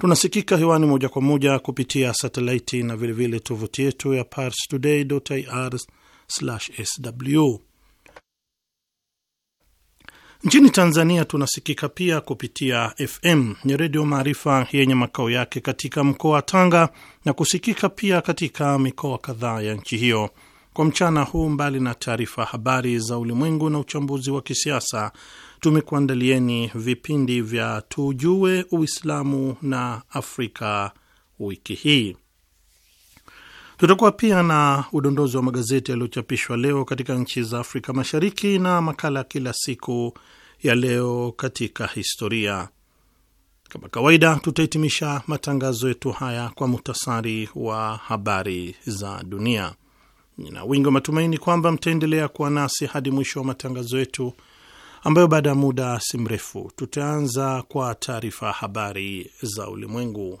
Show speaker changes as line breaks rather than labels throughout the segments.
Tunasikika hewani moja kwa moja kupitia satelaiti na vilevile tovuti yetu ya parstoday.ir/sw. Nchini Tanzania tunasikika pia kupitia FM ni Redio Maarifa yenye makao yake katika mkoa wa Tanga na kusikika pia katika mikoa kadhaa ya nchi hiyo. Kwa mchana huu, mbali na taarifa habari za ulimwengu na uchambuzi wa kisiasa tumekuandalieni vipindi vya tujue Uislamu na Afrika wiki hii. Tutakuwa pia na udondozi wa magazeti yaliyochapishwa leo katika nchi za Afrika Mashariki na makala kila siku ya leo katika historia. Kama kawaida, tutahitimisha matangazo yetu haya kwa muhtasari wa habari za dunia. Nina wingi wa matumaini kwamba mtaendelea kuwa nasi hadi mwisho wa matangazo yetu ambayo baada ya muda si mrefu tutaanza kwa taarifa ya habari za ulimwengu.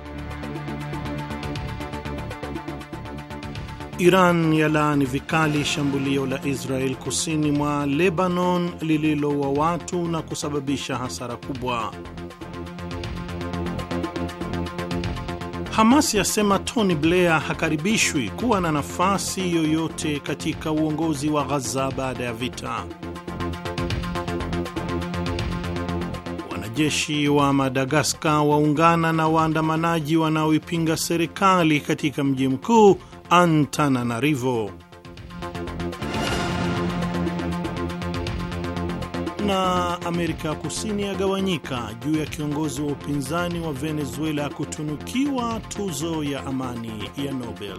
Iran yalaani vikali shambulio la Israel kusini mwa Lebanon lililoua watu na kusababisha hasara kubwa. Hamas yasema Tony Blair hakaribishwi kuwa na nafasi yoyote katika uongozi wa Ghaza baada ya vita. Wanajeshi wa Madagaskar waungana na waandamanaji wanaoipinga serikali katika mji mkuu Antananarivo. Na Amerika ya Kusini yagawanyika juu ya kiongozi wa upinzani wa Venezuela kutunukiwa tuzo ya amani ya Nobel.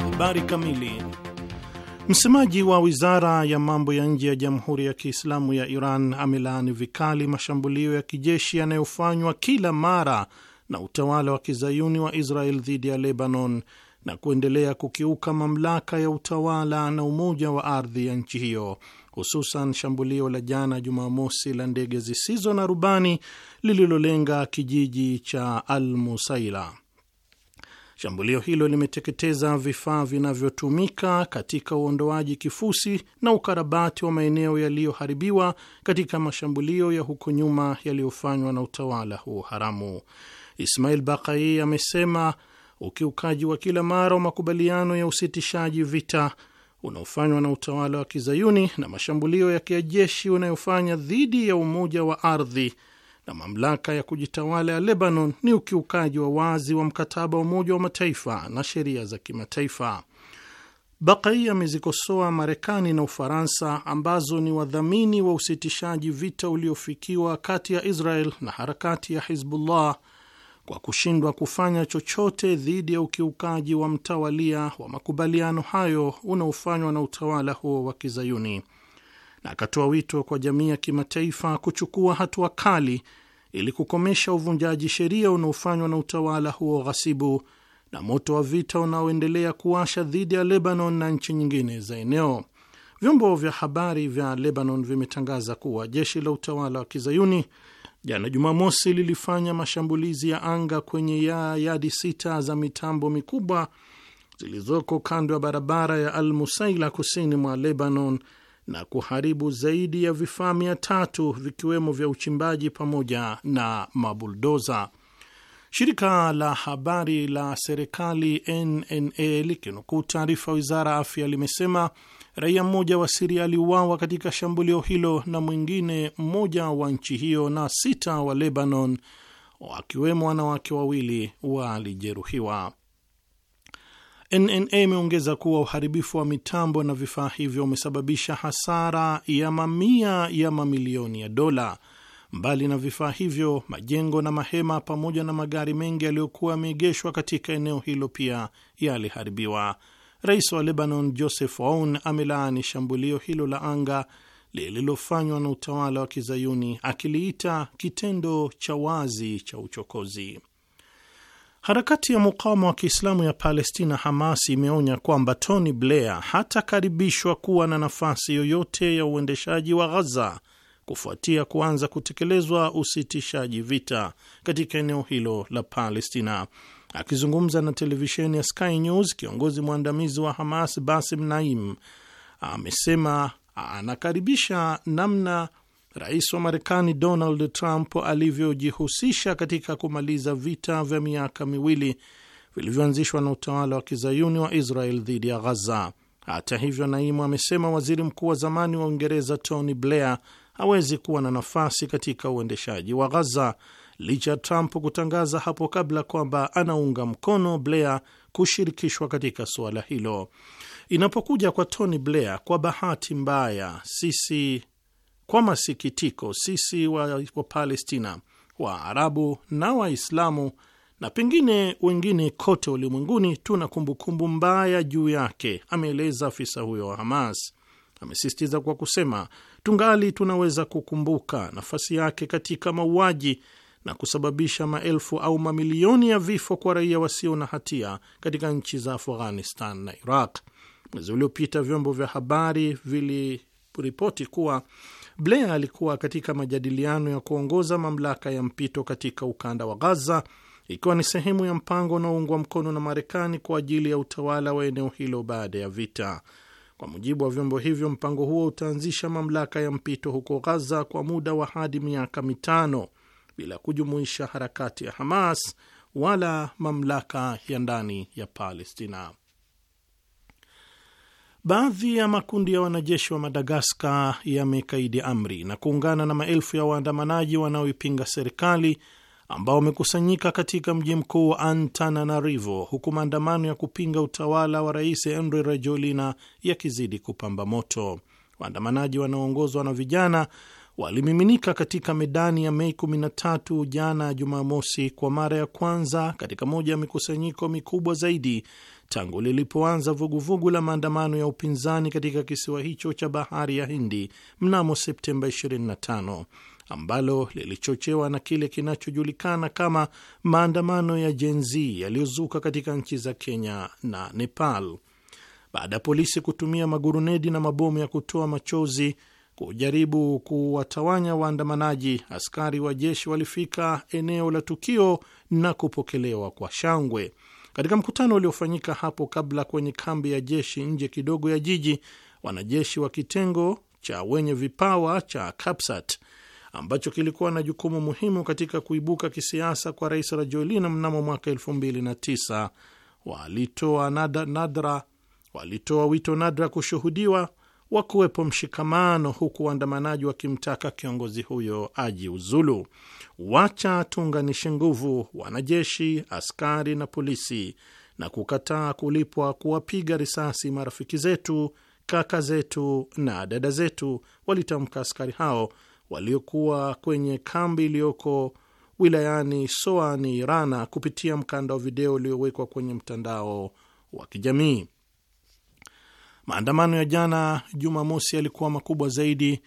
Habari kamili. Msemaji wa wizara ya mambo ya nje ya Jamhuri ya Kiislamu ya Iran amelaani vikali mashambulio ya kijeshi yanayofanywa kila mara na utawala wa kizayuni wa Israel dhidi ya Lebanon na kuendelea kukiuka mamlaka ya utawala na umoja wa ardhi ya nchi hiyo, hususan shambulio la jana Jumamosi la ndege zisizo na rubani lililolenga kijiji cha Al Musaila. Shambulio hilo limeteketeza vifaa vinavyotumika katika uondoaji kifusi na ukarabati wa maeneo yaliyoharibiwa katika mashambulio ya huko nyuma yaliyofanywa na utawala huo haramu. Ismail Bakai amesema ukiukaji wa kila mara wa makubaliano ya usitishaji vita unaofanywa na utawala wa kizayuni na mashambulio ya kijeshi unayofanya dhidi ya umoja wa ardhi na mamlaka ya kujitawala ya Lebanon ni ukiukaji wa wazi wa mkataba wa Umoja wa Mataifa na sheria za kimataifa. Bakai amezikosoa Marekani na Ufaransa ambazo ni wadhamini wa usitishaji vita uliofikiwa kati ya Israel na harakati ya Hizbullah kwa kushindwa kufanya chochote dhidi ya ukiukaji wa mtawalia wa makubaliano hayo unaofanywa na utawala huo wa Kizayuni, na akatoa wito kwa jamii ya kimataifa kuchukua hatua kali ili kukomesha uvunjaji sheria unaofanywa na utawala huo ghasibu na moto wa vita unaoendelea kuwasha dhidi ya Lebanon na nchi nyingine za eneo. Vyombo vya habari vya Lebanon vimetangaza kuwa jeshi la utawala wa Kizayuni jana Jumamosi lilifanya mashambulizi ya anga kwenye ya yadi sita za mitambo mikubwa zilizoko kando ya barabara ya Al Musaila kusini mwa Lebanon na kuharibu zaidi ya vifaa mia tatu vikiwemo vya uchimbaji pamoja na mabuldoza. Shirika la habari la serikali NNA likinukuu taarifa wizara ya afya limesema Raia mmoja wa Siria aliuawa katika shambulio hilo na mwingine mmoja wa nchi hiyo na sita wa Lebanon, wakiwemo wanawake wawili, walijeruhiwa. NNA imeongeza kuwa uharibifu wa mitambo na vifaa hivyo umesababisha hasara ya mamia ya mamilioni ya dola. Mbali na vifaa hivyo, majengo na mahema pamoja na magari mengi yaliyokuwa yameegeshwa katika eneo hilo pia yaliharibiwa. Rais wa Lebanon Joseph Aoun amelaani shambulio hilo la anga lililofanywa na utawala wa kizayuni akiliita kitendo cha wazi cha uchokozi. Harakati ya mukawama wa Kiislamu ya Palestina, Hamas, imeonya kwamba Tony Blair hatakaribishwa kuwa na nafasi yoyote ya uendeshaji wa Ghaza kufuatia kuanza kutekelezwa usitishaji vita katika eneo hilo la Palestina. Akizungumza na televisheni ya Sky News, kiongozi mwandamizi wa Hamas Basim Naim amesema anakaribisha namna rais wa Marekani Donald Trump alivyojihusisha katika kumaliza vita vya miaka miwili vilivyoanzishwa na utawala wa kizayuni wa Israel dhidi ya Ghaza. Hata hivyo, Naimu amesema waziri mkuu wa zamani wa Uingereza Tony Blair hawezi kuwa na nafasi katika uendeshaji wa Ghaza licha ya Trump kutangaza hapo kabla kwamba anaunga mkono Blair kushirikishwa katika suala hilo. Inapokuja kwa Tony Blair, kwa bahati mbaya sisi, kwa masikitiko, sisi wa Wapalestina, Arabu na Waislamu na pengine wengine kote ulimwenguni tuna kumbukumbu mbaya juu yake, ameeleza afisa huyo wa Hamas. Amesisitiza kwa kusema, tungali tunaweza kukumbuka nafasi yake katika mauaji na kusababisha maelfu au mamilioni ya vifo kwa raia wasio na hatia katika nchi za Afghanistan na Iraq. Mwezi uliopita vyombo vya habari viliripoti kuwa Blair alikuwa katika majadiliano ya kuongoza mamlaka ya mpito katika ukanda wa Gaza, ikiwa ni sehemu ya mpango unaoungwa mkono na Marekani kwa ajili ya utawala wa eneo hilo baada ya vita. Kwa mujibu wa vyombo hivyo, mpango huo utaanzisha mamlaka ya mpito huko Gaza kwa muda wa hadi miaka mitano bila kujumuisha harakati ya Hamas wala mamlaka ya ndani ya Palestina. Baadhi ya makundi ya wanajeshi wa Madagaskar yamekaidi amri na kuungana na maelfu ya waandamanaji wanaoipinga serikali ambao wamekusanyika katika mji mkuu wa Antananarivo, huku maandamano ya kupinga utawala wa Rais Andry Rajoelina yakizidi kupamba moto. Waandamanaji wanaoongozwa na vijana walimiminika katika medani ya Mei 13 jana Jumamosi kwa mara ya kwanza katika moja ya mikusanyiko mikubwa zaidi tangu lilipoanza vuguvugu la maandamano ya upinzani katika kisiwa hicho cha bahari ya Hindi mnamo Septemba 25 ambalo lilichochewa na kile kinachojulikana kama maandamano ya Gen Z yaliyozuka katika nchi za Kenya na Nepal baada ya polisi kutumia magurunedi na mabomu ya kutoa machozi kujaribu kuwatawanya waandamanaji, askari wa jeshi walifika eneo la tukio na kupokelewa kwa shangwe. Katika mkutano uliofanyika hapo kabla kwenye kambi ya jeshi nje kidogo ya jiji, wanajeshi wa kitengo cha wenye vipawa cha Kapsat ambacho kilikuwa na jukumu muhimu katika kuibuka kisiasa kwa Rais Rajoelina mnamo mwaka elfu mbili na tisa walitoa nadra, walitoa wito nadra kushuhudiwa wa kuwepo mshikamano, huku waandamanaji wakimtaka kiongozi huyo ajiuzulu. Wacha tuunganishe nguvu wanajeshi, askari na polisi na kukataa kulipwa kuwapiga risasi marafiki zetu, kaka zetu na dada zetu, walitamka askari hao waliokuwa kwenye kambi iliyoko wilayani Soani Rana kupitia mkanda wa video uliowekwa kwenye mtandao wa kijamii. Maandamano ya jana Jumamosi yalikuwa makubwa zaidi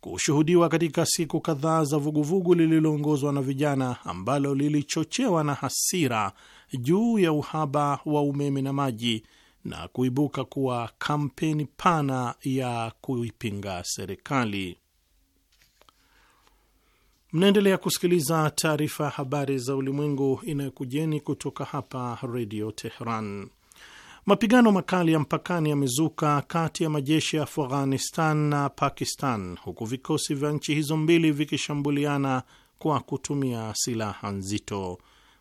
kushuhudiwa katika siku kadhaa za vuguvugu lililoongozwa na vijana ambalo lilichochewa na hasira juu ya uhaba wa umeme na maji na kuibuka kuwa kampeni pana ya kuipinga serikali. Mnaendelea kusikiliza taarifa ya habari za ulimwengu inayokujeni kutoka hapa Redio Teheran. Mapigano makali ya mpakani yamezuka kati ya majeshi ya Afghanistan na Pakistan, huku vikosi vya nchi hizo mbili vikishambuliana kwa kutumia silaha nzito.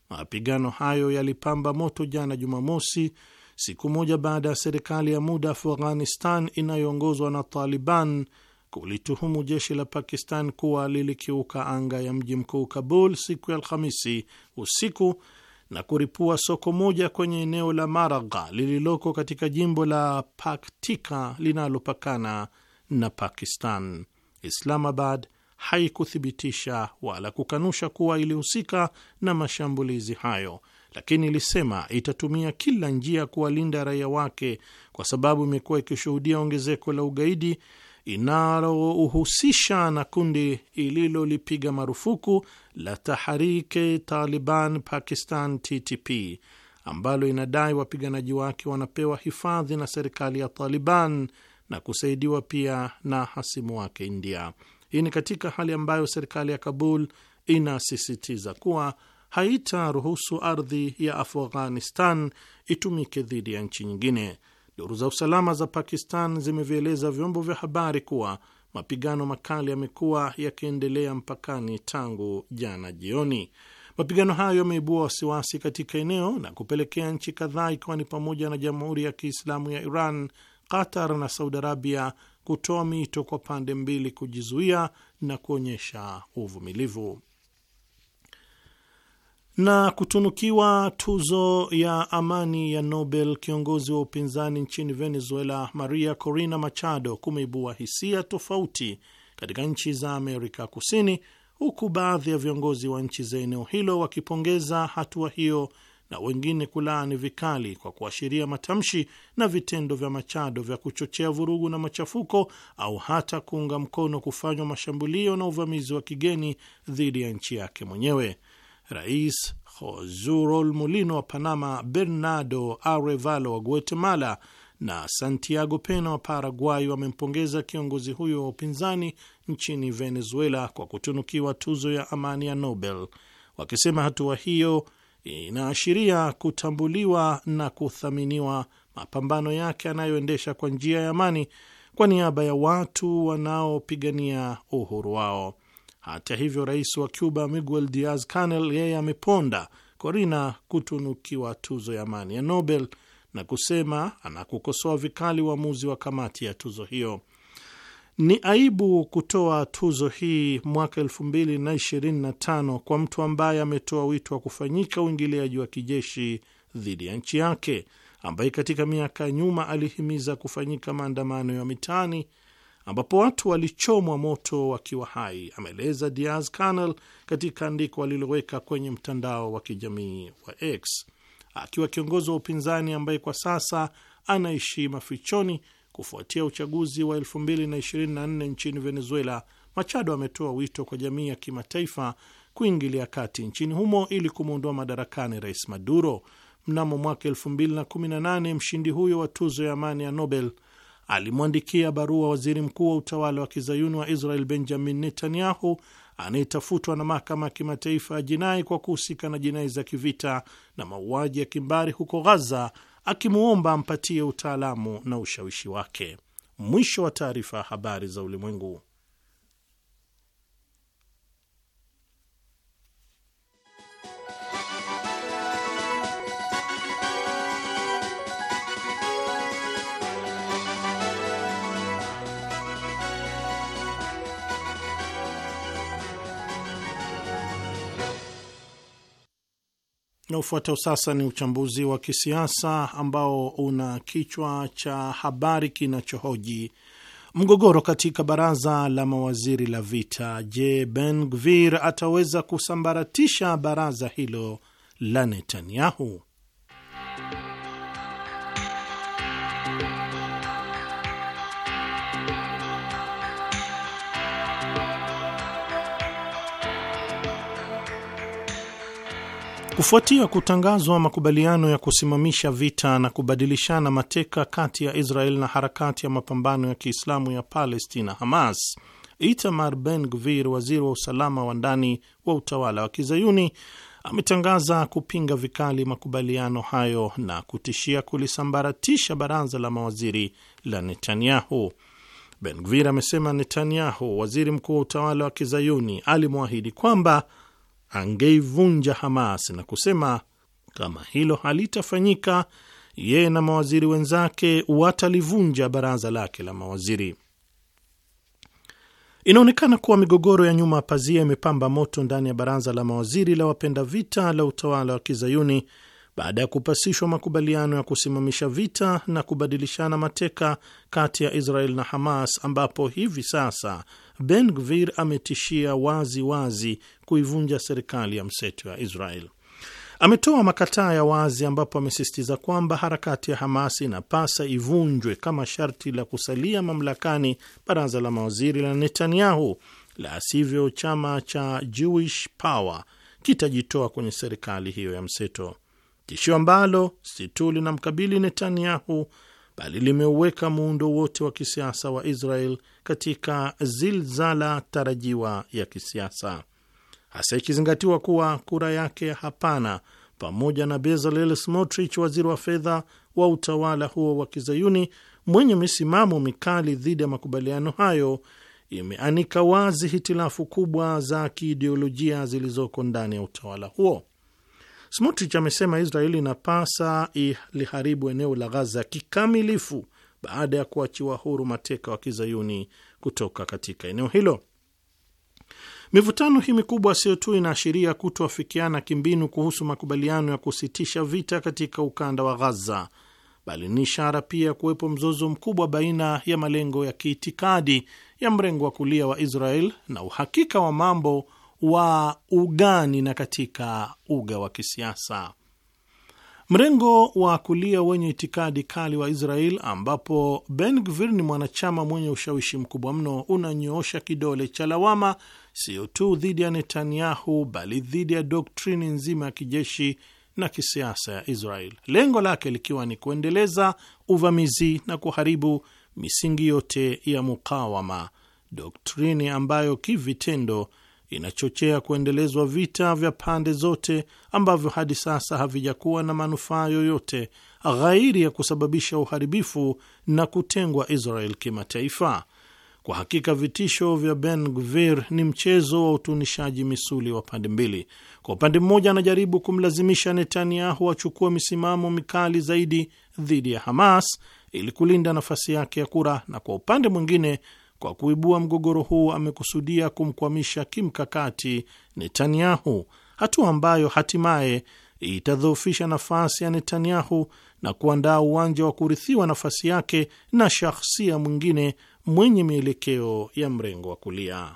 Mapigano hayo yalipamba moto jana Jumamosi, siku moja baada ya serikali ya muda Afghanistan inayoongozwa na Taliban kulituhumu jeshi la Pakistan kuwa lilikiuka anga ya mji mkuu Kabul siku ya Alhamisi usiku na kuripua soko moja kwenye eneo la Maragha lililoko katika jimbo la Paktika linalopakana na Pakistan. Islamabad haikuthibitisha wala kukanusha kuwa ilihusika na mashambulizi hayo, lakini ilisema itatumia kila njia kuwalinda raia wake, kwa sababu imekuwa ikishuhudia ongezeko la ugaidi inalohusisha na kundi ililolipiga marufuku la Taharike Taliban Pakistan TTP ambalo inadai wapiganaji wake wanapewa hifadhi na serikali ya Taliban na kusaidiwa pia na hasimu wake India. Hii ni katika hali ambayo serikali ya Kabul inasisitiza kuwa haitaruhusu ardhi ya Afghanistan itumike dhidi ya nchi nyingine. Duru za usalama za Pakistan zimevieleza vyombo vya habari kuwa mapigano makali yamekuwa yakiendelea mpakani tangu jana jioni. Mapigano hayo yameibua wasiwasi katika eneo na kupelekea nchi kadhaa ikiwa ni pamoja na Jamhuri ya Kiislamu ya Iran, Qatar na Saudi Arabia kutoa miito kwa pande mbili kujizuia na kuonyesha uvumilivu. Na kutunukiwa tuzo ya amani ya Nobel kiongozi wa upinzani nchini Venezuela Maria Corina Machado kumeibua hisia tofauti katika nchi za Amerika Kusini, huku baadhi ya viongozi wa nchi za eneo hilo wakipongeza hatua wa hiyo na wengine kulaani vikali kwa kuashiria matamshi na vitendo vya Machado vya kuchochea vurugu na machafuko au hata kuunga mkono kufanywa mashambulio na uvamizi wa kigeni dhidi ya nchi yake mwenyewe. Rais José Mulino wa Panama, Bernardo Arevalo wa Guatemala na Santiago Pena wa Paraguay wamempongeza kiongozi huyo wa upinzani nchini Venezuela kwa kutunukiwa tuzo ya amani ya Nobel, wakisema hatua hiyo inaashiria kutambuliwa na kuthaminiwa mapambano yake anayoendesha kwa njia ya amani kwa niaba ya watu wanaopigania uhuru wao. Hata hivyo, rais wa Cuba Miguel Diaz Canel yeye ameponda korina kutunukiwa tuzo ya amani ya Nobel na kusema anakukosoa vikali uamuzi wa, wa kamati ya tuzo hiyo. Ni aibu kutoa tuzo hii mwaka tano kwa mtu ambaye ametoa wito wa kufanyika uingiliaji wa kijeshi dhidi ya nchi yake, ambaye katika miaka ya nyuma alihimiza kufanyika maandamano ya mitaani ambapo watu walichomwa moto wakiwa hai, ameeleza Diaz Canel katika andiko aliloweka kwenye mtandao wa kijamii wa X akiwa kiongozi wa upinzani ambaye kwa sasa anaishi mafichoni kufuatia uchaguzi wa 2024 nchini Venezuela. Machado ametoa wito kwa jamii ya kimataifa kuingilia kati nchini humo ili kumwondoa madarakani rais Maduro. Mnamo mwaka 2018 mshindi huyo wa tuzo ya amani ya Nobel alimwandikia barua waziri mkuu wa utawala wa kizayuni wa Israel Benjamin Netanyahu anayetafutwa na mahakama ya kimataifa ya jinai kwa kuhusika na jinai za kivita na mauaji ya kimbari huko Ghaza, akimwomba ampatie utaalamu na ushawishi wake. Mwisho wa taarifa ya habari za ulimwengu. Na ufuatao sasa ni uchambuzi wa kisiasa ambao una kichwa cha habari kinachohoji mgogoro katika baraza la mawaziri la vita. Je, Ben Gvir ataweza kusambaratisha baraza hilo la Netanyahu? Kufuatia kutangazwa makubaliano ya kusimamisha vita na kubadilishana mateka kati ya Israel na harakati ya mapambano ya Kiislamu ya Palestina, Hamas, Itamar Ben Gvir, waziri wa usalama wa ndani wa utawala wa Kizayuni, ametangaza kupinga vikali makubaliano hayo na kutishia kulisambaratisha baraza la mawaziri la Netanyahu. Ben Gvir amesema Netanyahu, waziri mkuu wa utawala wa Kizayuni, alimwahidi kwamba angeivunja Hamas na kusema kama hilo halitafanyika, yeye na mawaziri wenzake watalivunja baraza lake la mawaziri. Inaonekana kuwa migogoro ya nyuma pazia imepamba moto ndani ya baraza la mawaziri la wapenda vita la utawala wa kizayuni baada ya kupasishwa makubaliano ya kusimamisha vita na kubadilishana mateka kati ya Israel na Hamas, ambapo hivi sasa Ben Gvir ametishia wazi wazi kuivunja serikali ya mseto ya Israel. Ametoa makataa ya wazi ambapo amesisitiza kwamba harakati ya Hamas inapasa ivunjwe kama sharti la kusalia mamlakani baraza la mawaziri la Netanyahu, la sivyo chama cha Jewish Power kitajitoa kwenye serikali hiyo ya mseto, tishio ambalo si tu linamkabili Netanyahu bali limeuweka muundo wote wa kisiasa wa Israel katika zilzala tarajiwa ya kisiasa, hasa ikizingatiwa kuwa kura yake hapana pamoja na Bezalel Smotrich, waziri wa fedha wa utawala huo wa kizayuni mwenye misimamo mikali dhidi ya makubaliano hayo, imeanika wazi hitilafu kubwa za kiideolojia zilizoko ndani ya utawala huo. Smotrich amesema Israeli inapasa iliharibu eneo la Ghaza kikamilifu baada ya kuachiwa huru mateka wa kizayuni kutoka katika eneo hilo. Mivutano hii mikubwa sio tu inaashiria kutoafikiana kimbinu kuhusu makubaliano ya kusitisha vita katika ukanda wa Ghaza, bali ni ishara pia ya kuwepo mzozo mkubwa baina ya malengo ya kiitikadi ya mrengo wa kulia wa Israel na uhakika wa mambo wa ugani na katika uga wa kisiasa. Mrengo wa kulia wenye itikadi kali wa Israel, ambapo Ben Gvir ni mwanachama mwenye ushawishi mkubwa mno, unanyoosha kidole cha lawama sio tu dhidi ya Netanyahu, bali dhidi ya doktrini nzima ya kijeshi na kisiasa ya Israel, lengo lake likiwa ni kuendeleza uvamizi na kuharibu misingi yote ya mukawama, doktrini ambayo kivitendo inachochea kuendelezwa vita vya pande zote ambavyo hadi sasa havijakuwa na manufaa yoyote ghairi ya kusababisha uharibifu na kutengwa Israel kimataifa. Kwa hakika vitisho vya Ben Gvir ni mchezo wa utunishaji misuli wa pande mbili. Kwa upande mmoja, anajaribu kumlazimisha Netanyahu achukue misimamo mikali zaidi dhidi ya Hamas ili kulinda nafasi yake ya kura, na kwa upande mwingine kwa kuibua mgogoro huu amekusudia kumkwamisha kimkakati Netanyahu, hatua ambayo hatimaye itadhoofisha nafasi ya Netanyahu na kuandaa uwanja wa kurithiwa nafasi yake na shahsia mwingine mwenye mielekeo ya mrengo wa kulia.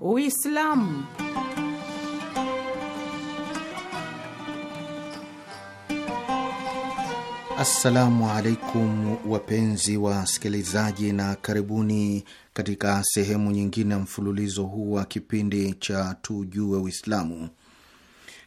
Uislamu.
Assalamu alaikum wapenzi sikilizaji, na karibuni katika sehemu nyingine ya mfululizo huu wa kipindi cha Tujue Uislamu.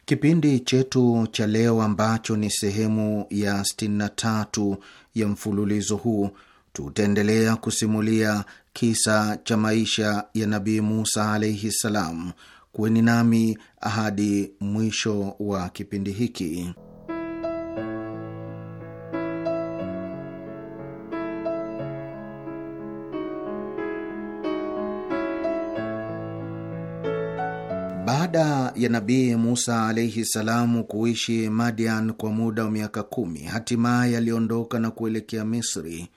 Kipindi chetu cha leo ambacho ni sehemu ya 63 ya mfululizo huu tutaendelea kusimulia kisa cha maisha ya Nabii Musa alaihi ssalam. Kuweni nami hadi mwisho wa kipindi hiki. Baada ya Nabii Musa alaihi salamu kuishi Madian kwa muda wa miaka kumi, hatimaye aliondoka na kuelekea Misri.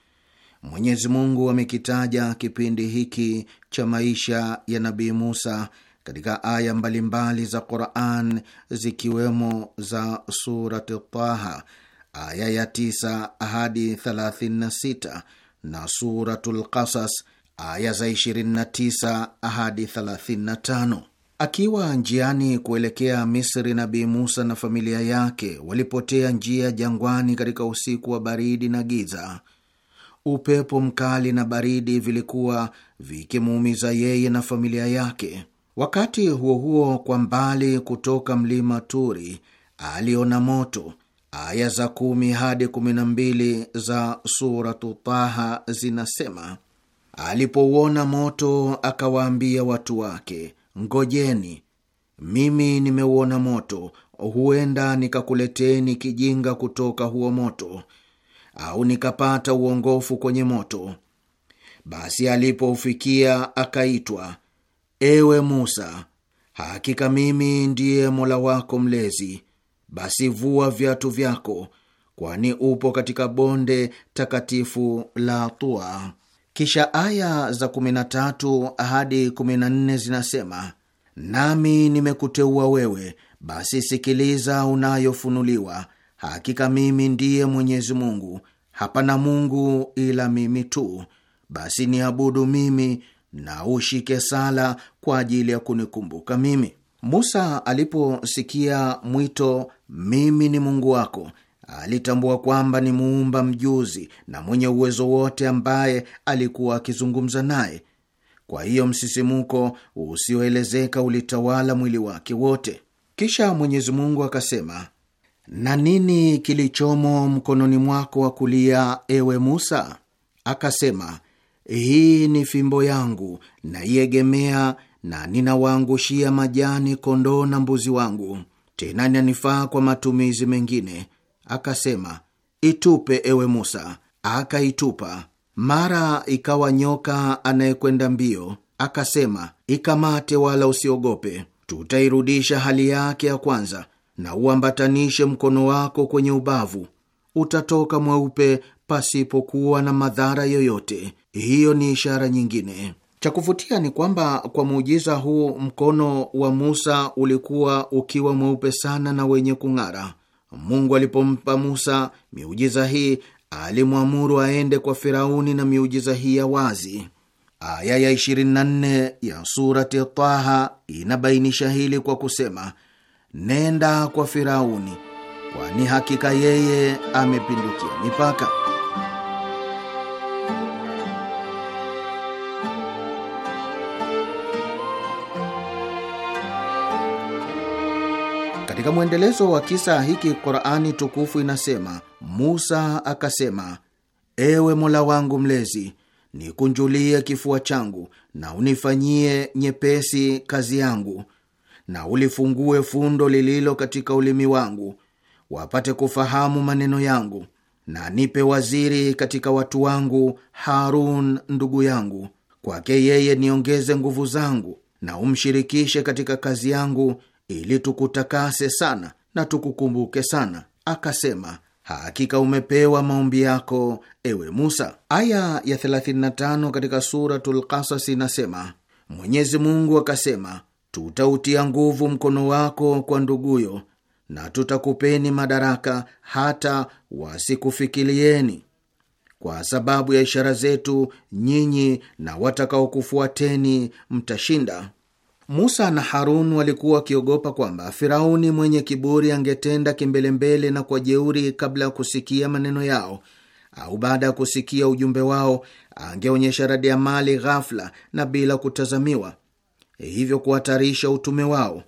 Mwenyezi Mungu amekitaja kipindi hiki cha maisha ya Nabii Musa katika aya mbalimbali za Quran zikiwemo za surat Taha aya ya 9 hadi 36 na Suratul Qasas aya za 29 hadi 35. Akiwa njiani kuelekea Misri, Nabii Musa na familia yake walipotea njia jangwani katika usiku wa baridi na giza upepo mkali na baridi vilikuwa vikimuumiza yeye na familia yake. Wakati huo huo, kwa mbali kutoka mlima Turi aliona moto. Aya za kumi hadi kumi na mbili za Suratu Taha zinasema Alipouona moto akawaambia watu wake, ngojeni, mimi nimeuona moto, huenda nikakuleteni kijinga kutoka huo moto au nikapata uongofu kwenye moto. Basi alipoufikia akaitwa, ewe Musa, hakika mimi ndiye Mola wako Mlezi, basi vua viatu vyako, kwani upo katika bonde takatifu la Tua. Kisha aya za 13 hadi 14 zinasema, nami nimekuteua wewe, basi sikiliza unayofunuliwa Hakika mimi ndiye Mwenyezi Mungu, hapana Mungu ila mimi tu, basi niabudu mimi na ushike sala kwa ajili ya kunikumbuka mimi. Musa aliposikia mwito, mimi ni Mungu wako, alitambua kwamba ni muumba mjuzi na mwenye uwezo wote ambaye alikuwa akizungumza naye. Kwa hiyo msisimuko usioelezeka ulitawala mwili wake wote. Kisha Mwenyezi Mungu akasema na nini kilichomo mkononi mwako wa kulia, ewe Musa? Akasema, hii ni fimbo yangu, naiegemea na ninawaangushia majani kondoo na mbuzi wangu, tena nanifaa kwa matumizi mengine. Akasema, itupe ewe Musa. Akaitupa. Mara ikawa nyoka anayekwenda mbio, akasema, ikamate wala usiogope, tutairudisha hali yake ya kwanza na uambatanishe mkono wako kwenye ubavu, utatoka mweupe pasipokuwa na madhara yoyote. Hiyo ni ishara nyingine. Cha kuvutia ni kwamba kwa muujiza huu mkono wa Musa ulikuwa ukiwa mweupe sana na wenye kung'ara. Mungu alipompa Musa miujiza hii alimwamuru aende kwa Firauni na miujiza hii ya wazi. Aya ya 24 ya surati Taha inabainisha hili kwa kusema nenda kwa Firauni, kwani hakika yeye amepindukia mipaka. Katika mwendelezo wa kisa hiki, Qurani tukufu inasema, Musa akasema, ewe Mola wangu mlezi, nikunjulie kifua changu na unifanyie nyepesi kazi yangu na ulifungue fundo lililo katika ulimi wangu, wapate kufahamu maneno yangu, na nipe waziri katika watu wangu, Harun ndugu yangu. Kwake yeye niongeze nguvu zangu, na umshirikishe katika kazi yangu, ili tukutakase sana na tukukumbuke sana. Akasema, hakika umepewa maombi yako, ewe Musa. Aya ya 35 katika Suratul Kasas inasema Mwenyezi Mungu akasema tutautia nguvu mkono wako kwa nduguyo, na tutakupeni madaraka hata wasikufikirieni. Kwa sababu ya ishara zetu, nyinyi na watakaokufuateni mtashinda. Musa na Harun walikuwa wakiogopa kwamba Firauni mwenye kiburi angetenda kimbelembele na kwa jeuri kabla ya kusikia maneno yao au baada ya kusikia ujumbe wao, angeonyesha radi ya mali ghafla na bila kutazamiwa Eh, hivyo kuhatarisha utume wao,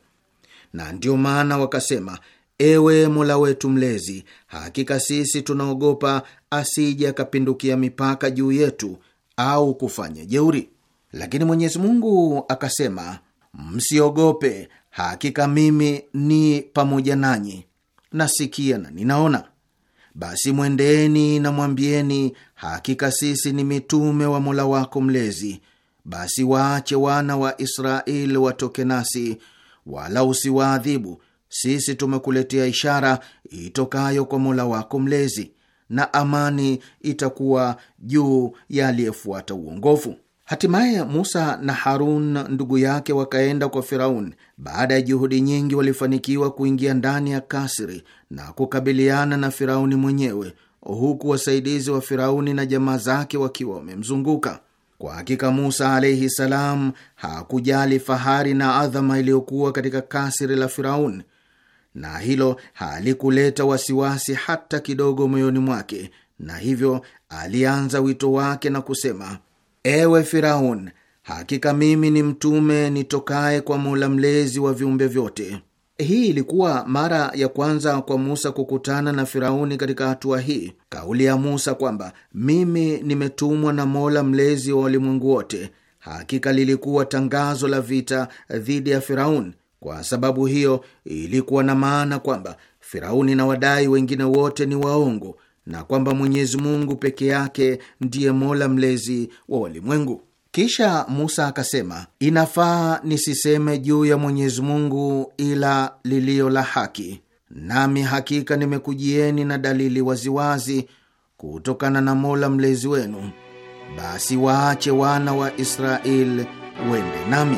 na ndiyo maana wakasema, ewe Mola wetu Mlezi, hakika sisi tunaogopa asije akapindukia mipaka juu yetu au kufanya jeuri. Lakini Mwenyezi Mungu akasema, msiogope, hakika mimi ni pamoja nanyi, nasikia na ninaona. Basi mwendeeni na mwambieni, hakika sisi ni mitume wa Mola wako Mlezi, basi waache wana wa Israeli watoke nasi, wala usiwaadhibu. Sisi tumekuletea ishara itokayo kwa Mola wako Mlezi, na amani itakuwa juu ya aliyefuata uongofu. Hatimaye Musa na Harun ndugu yake wakaenda kwa Firauni. Baada ya juhudi nyingi, walifanikiwa kuingia ndani ya kasri na kukabiliana na Firauni mwenyewe, huku wasaidizi wa Firauni na jamaa zake wakiwa wamemzunguka. Kwa hakika Musa alaihi salam hakujali fahari na adhama iliyokuwa katika kasiri la Firaun, na hilo halikuleta wasiwasi hata kidogo moyoni mwake, na hivyo alianza wito wake na kusema: ewe Firaun, hakika mimi ni mtume nitokaye kwa Mola mlezi wa viumbe vyote hii ilikuwa mara ya kwanza kwa Musa kukutana na Firauni katika hatua hii. Kauli ya Musa kwamba mimi nimetumwa na Mola mlezi wa walimwengu wote, hakika lilikuwa tangazo la vita dhidi ya Firauni. Kwa sababu hiyo, ilikuwa na maana kwamba Firauni na wadai wengine wote ni waongo na kwamba Mwenyezi Mungu peke yake ndiye Mola mlezi wa walimwengu. Kisha Musa akasema, inafaa nisiseme juu ya Mwenyezi Mungu ila liliyo la haki, nami hakika nimekujieni na dalili waziwazi kutokana na Mola mlezi wenu, basi waache wana wa Israeli wende nami.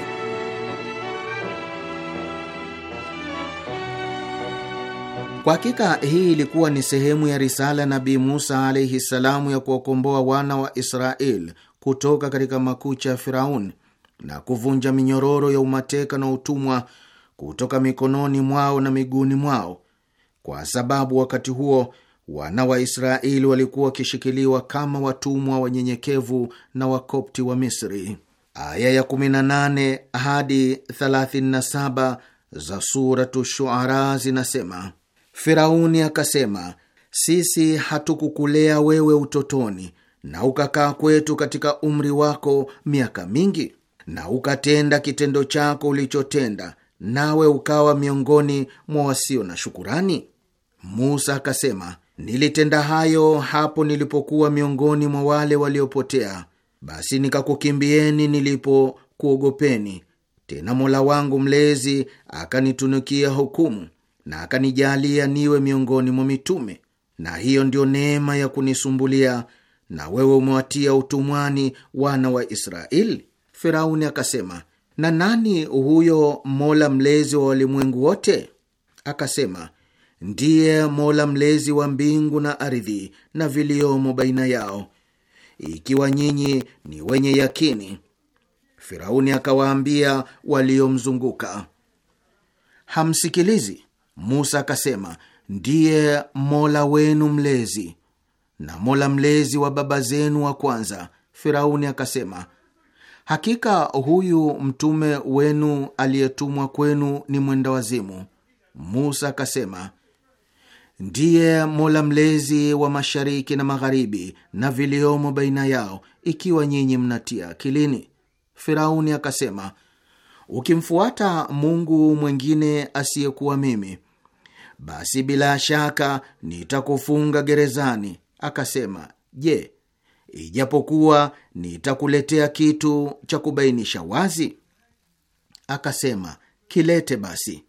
Kwa hakika hii ilikuwa ni sehemu ya risala ya Nabii Musa alaihi salamu ya kuwakomboa wana wa Israeli kutoka katika makucha ya Firauni na kuvunja minyororo ya umateka na utumwa kutoka mikononi mwao na miguuni mwao, kwa sababu wakati huo wana wa Israeli walikuwa wakishikiliwa kama watumwa wanyenyekevu na Wakopti wa Misri. Aya ya 18 hadi 37 za Suratu Shuara zinasema: Firauni akasema, sisi hatukukulea wewe utotoni na ukakaa kwetu katika umri wako miaka mingi, na ukatenda kitendo chako ulichotenda, nawe ukawa miongoni mwa wasio na shukurani? Musa akasema, nilitenda hayo hapo nilipokuwa miongoni mwa wale waliopotea, basi nikakukimbieni nilipokuogopeni. Tena Mola wangu Mlezi akanitunukia hukumu na akanijalia niwe miongoni mwa mitume, na hiyo ndio neema ya kunisumbulia na wewe umewatia utumwani wana wa Israeli? Firauni akasema, na nani huyo mola mlezi wa walimwengu wote? Akasema, ndiye mola mlezi wa mbingu na ardhi na viliomo baina yao, ikiwa nyinyi ni wenye yakini. Firauni akawaambia waliomzunguka, hamsikilizi? Musa akasema, ndiye mola wenu mlezi na Mola mlezi wa baba zenu wa kwanza. Firauni akasema, hakika huyu mtume wenu aliyetumwa kwenu ni mwenda wazimu. Musa akasema, ndiye Mola mlezi wa mashariki na magharibi na viliomo baina yao, ikiwa nyinyi mnatia akilini. Firauni akasema, ukimfuata Mungu mwingine asiyekuwa mimi, basi bila shaka nitakufunga gerezani akasema, Je, ijapokuwa nitakuletea kitu cha kubainisha wazi? Akasema, kilete basi,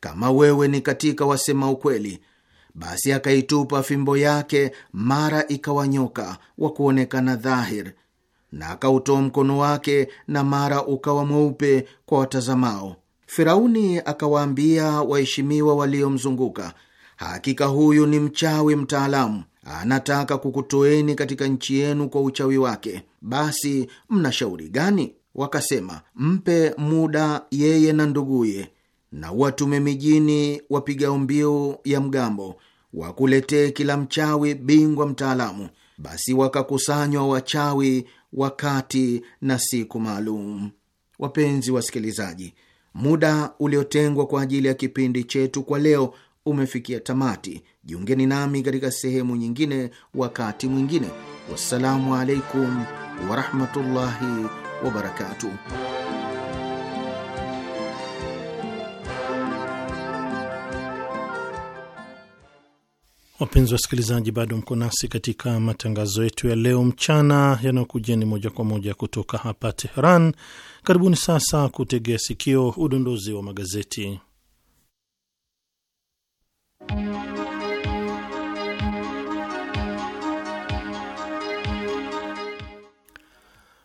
kama wewe ni katika wasema ukweli. Basi akaitupa fimbo yake, mara ikawa nyoka wa kuonekana dhahir, na akautoa mkono wake, na mara ukawa mweupe kwa watazamao. Firauni akawaambia waheshimiwa waliomzunguka, hakika huyu ni mchawi mtaalamu anataka kukutoeni katika nchi yenu kwa uchawi wake, basi mna shauri gani? Wakasema, mpe muda yeye na nduguye, na watume mijini wapigao mbiu ya mgambo wakuletee kila mchawi bingwa mtaalamu. Basi wakakusanywa wachawi wakati na siku maalum. Wapenzi wasikilizaji, muda uliotengwa kwa ajili ya kipindi chetu kwa leo umefikia tamati. Jiungeni nami katika sehemu nyingine wakati mwingine. Wassalamu alaikum warahmatullahi wabarakatuh.
Wapenzi wasikilizaji, bado mko nasi katika matangazo yetu ya leo mchana yanayokujeni moja kwa moja kutoka hapa Teheran. Karibuni sasa kutegea sikio udondozi wa magazeti.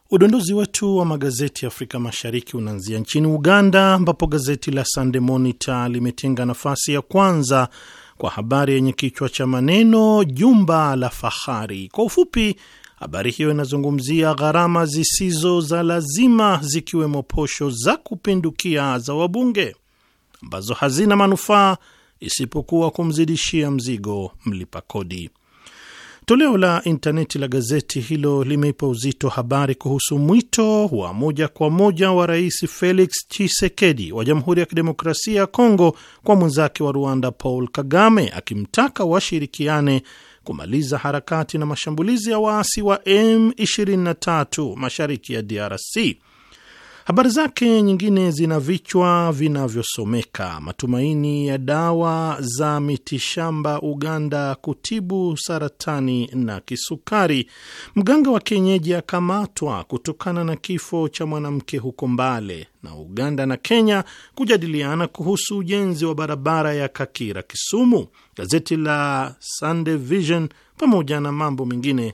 Udondozi wetu wa magazeti ya Afrika Mashariki unaanzia nchini Uganda, ambapo gazeti la Sunday Monitor limetenga nafasi ya kwanza kwa habari yenye kichwa cha maneno jumba la fahari. Kwa ufupi, habari hiyo inazungumzia gharama zisizo za lazima, zikiwemo posho za kupindukia za wabunge ambazo hazina manufaa isipokuwa kumzidishia mzigo mlipa kodi. Toleo la intaneti la gazeti hilo limeipa uzito habari kuhusu mwito wa moja kwa moja wa Rais Felix Tshisekedi wa Jamhuri ya Kidemokrasia ya Kongo kwa mwenzake wa Rwanda Paul Kagame, akimtaka washirikiane kumaliza harakati na mashambulizi ya waasi wa M23 mashariki ya DRC. Habari zake nyingine zina vichwa vinavyosomeka: matumaini ya dawa za mitishamba Uganda kutibu saratani na kisukari, mganga wa kienyeji akamatwa kutokana na kifo cha mwanamke huko Mbale, na Uganda na Kenya kujadiliana kuhusu ujenzi wa barabara ya Kakira Kisumu. Gazeti la Sunday Vision pamoja na mambo mengine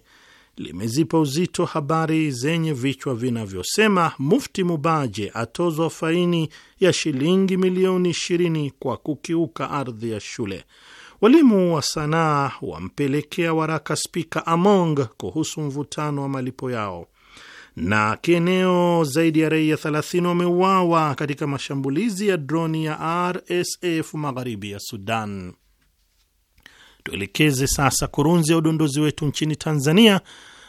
limezipa uzito habari zenye vichwa vinavyosema Mufti Mubaje atozwa faini ya shilingi milioni 20 kwa kukiuka ardhi ya shule. Walimu wa sanaa wampelekea waraka Spika Among kuhusu mvutano wa malipo yao. Na kieneo, zaidi ya raia 30 wameuawa katika mashambulizi ya droni ya RSF magharibi ya Sudan. Tuelekeze sasa kurunzi ya udondozi wetu nchini Tanzania,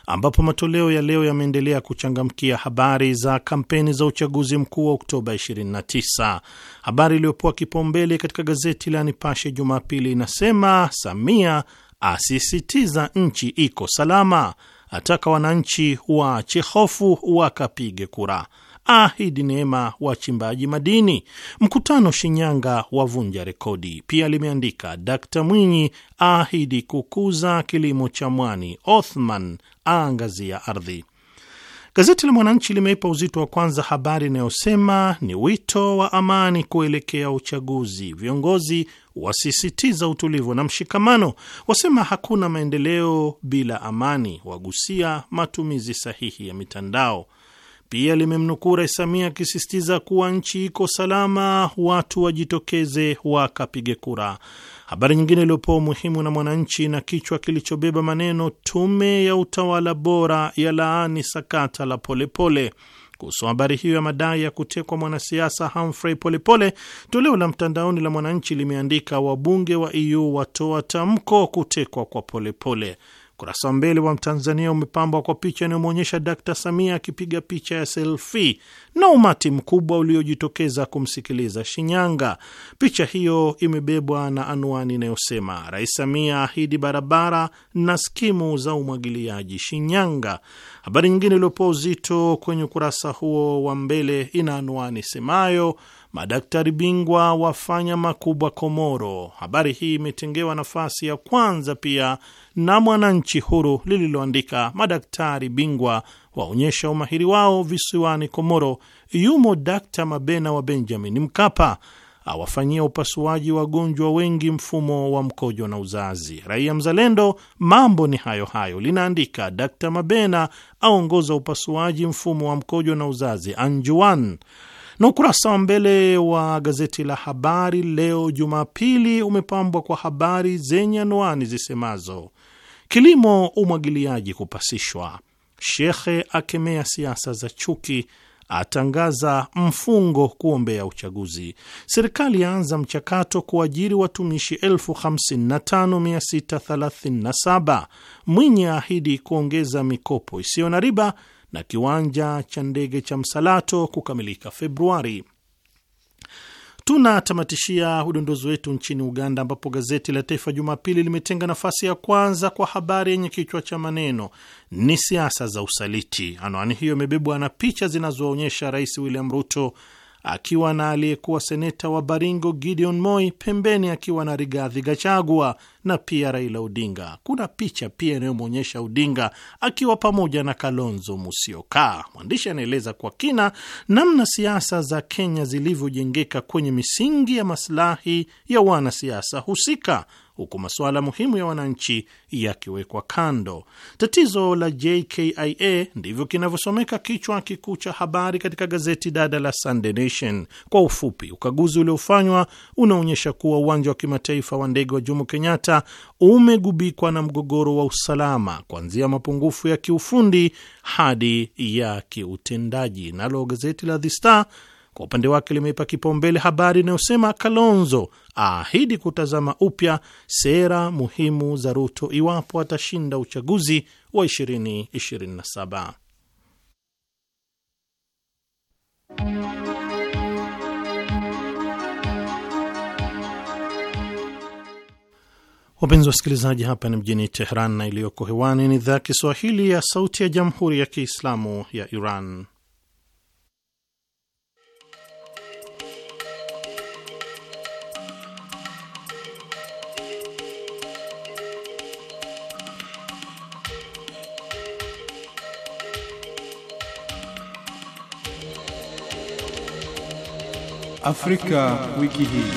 ambapo matoleo ya leo yameendelea kuchangamkia habari za kampeni za uchaguzi mkuu wa Oktoba 29. Habari iliyopewa kipaumbele katika gazeti la Nipashe Jumapili inasema Samia asisitiza nchi iko salama, ataka wananchi waache hofu wakapige kura ahidi neema wachimbaji madini. Mkutano Shinyanga wavunja rekodi. Pia limeandika Dkt Mwinyi ahidi kukuza kilimo cha mwani, Othman aangazia ardhi. Gazeti la Mwananchi limeipa uzito wa kwanza habari inayosema ni wito wa amani kuelekea uchaguzi. Viongozi wasisitiza utulivu na mshikamano, wasema hakuna maendeleo bila amani, wagusia matumizi sahihi ya mitandao. Pia limemnukuu Rais Samia akisisitiza kuwa nchi iko salama, watu wajitokeze wakapige kura. Habari nyingine iliyopewa umuhimu na Mwananchi na kichwa kilichobeba maneno tume ya utawala bora ya laani sakata la Polepole. Kuhusu habari hiyo ya madai ya kutekwa mwanasiasa Humphrey Polepole, toleo la mtandaoni la Mwananchi limeandika wabunge wa EU watoa tamko kutekwa kwa Polepole pole. Ukurasa wa mbele wa Mtanzania umepambwa kwa picha inayomwonyesha Dkt Samia akipiga picha ya selfie na umati mkubwa uliojitokeza kumsikiliza Shinyanga. Picha hiyo imebebwa na anwani inayosema Rais Samia ahidi barabara na skimu za umwagiliaji Shinyanga. Habari nyingine iliyopoa uzito kwenye ukurasa huo wa mbele ina anwani semayo Madaktari bingwa wafanya makubwa Komoro. Habari hii imetengewa nafasi ya kwanza pia na Mwananchi Huru lililoandika madaktari bingwa waonyesha umahiri wao visiwani Komoro, yumo Dakta Mabena wa Benjamin Mkapa awafanyia upasuaji wagonjwa wengi mfumo wa mkojo na uzazi. Raia Mzalendo mambo ni hayo hayo linaandika, Dakta Mabena aongoza upasuaji mfumo wa mkojo na uzazi Anjuan na ukurasa wa mbele wa gazeti la Habari Leo Jumapili umepambwa kwa habari zenye anwani zisemazo: kilimo umwagiliaji kupasishwa, shekhe akemea siasa za chuki, atangaza mfungo kuombea uchaguzi, serikali yaanza mchakato kuajiri watumishi 55637 Mwinyi aahidi kuongeza mikopo isiyo na riba na kiwanja cha ndege cha Msalato kukamilika Februari. Tunatamatishia udondozi wetu nchini Uganda, ambapo gazeti la Taifa Jumapili limetenga nafasi ya kwanza kwa habari yenye kichwa cha maneno ni siasa za usaliti. Anwani hiyo imebebwa na picha zinazoonyesha Rais William Ruto akiwa na aliyekuwa seneta wa Baringo Gideon Moi pembeni, akiwa na Rigathi Gachagua na pia Raila Odinga. Kuna picha pia inayomwonyesha Odinga akiwa pamoja na Kalonzo Musyoka. Mwandishi anaeleza kwa kina namna siasa za Kenya zilivyojengeka kwenye misingi ya masilahi ya wanasiasa husika huku masuala muhimu ya wananchi yakiwekwa kando. Tatizo la JKIA ndivyo kinavyosomeka kichwa kikuu cha habari katika gazeti dada la Sunday Nation. Kwa ufupi, ukaguzi uliofanywa unaonyesha kuwa uwanja wa kimataifa wa ndege wa Jomo Kenyatta umegubikwa na mgogoro wa usalama, kuanzia mapungufu ya kiufundi hadi ya kiutendaji. Nalo gazeti la The Star kwa upande wake limeipa kipaumbele habari inayosema Kalonzo aahidi kutazama upya sera muhimu za Ruto iwapo atashinda uchaguzi wa 2027. Wapenzi wasikilizaji, hapa ni mjini Teheran na iliyoko hewani ni idhaa ya Kiswahili ya Sauti ya Jamhuri ya Kiislamu ya Iran.
Afrika wiki hii.